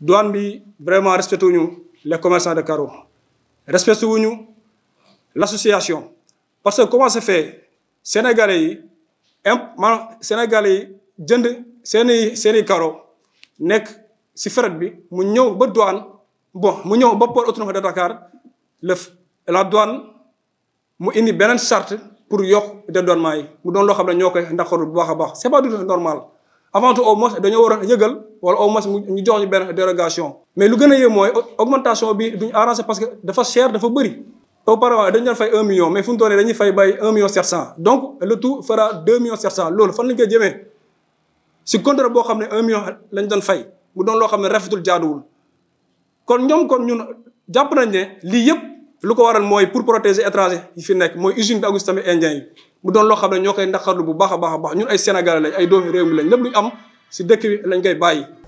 douane bi vraiment respecté le les de carreaux respecté wuñu l'association parce que comment ça fait sénégalais yi imp maanaam sénégalais yi jënd seeni seeni carreaux nekk si fret bi mu ñëw ba douane bon mu ñëw ba port autonome de Dakar le la douane mu indi beneen charte pour yokk dédouanement yi mu doon loo xam ne ñoo koy ndaxaru bu baax a baax c'est pas du tout normal avant tout au moins dañoo waroon yëgal wala au moins ñu jox ñu benn dérogation mais lu gën a yéem mooy augmentation bi duñu arrangé parce que dafa cher dafa bëri auparavant dañu doon fay un million mais fu mu toll dañuy fay bay un million sept cent donc le tout fera deux millions sept cent loolu fan lañ koy jëmee si contrat boo xam ne un million lañ doon fay mu doon loo xam ne rafetul jaaduwul kon ñoom kon ñun jàpp nañ ne lii yëpp lu ko waral mooy pour protéger étranger yi fi nekk mooy usine bi agus tamit indien yi mu doon loo xam ne ñoo koy naqarlu bu baax a baax a baax ñun ay sénégalais lañ ay doomi réew mi lañ lépp luñ am si dëkk bi lañ koy bàyyi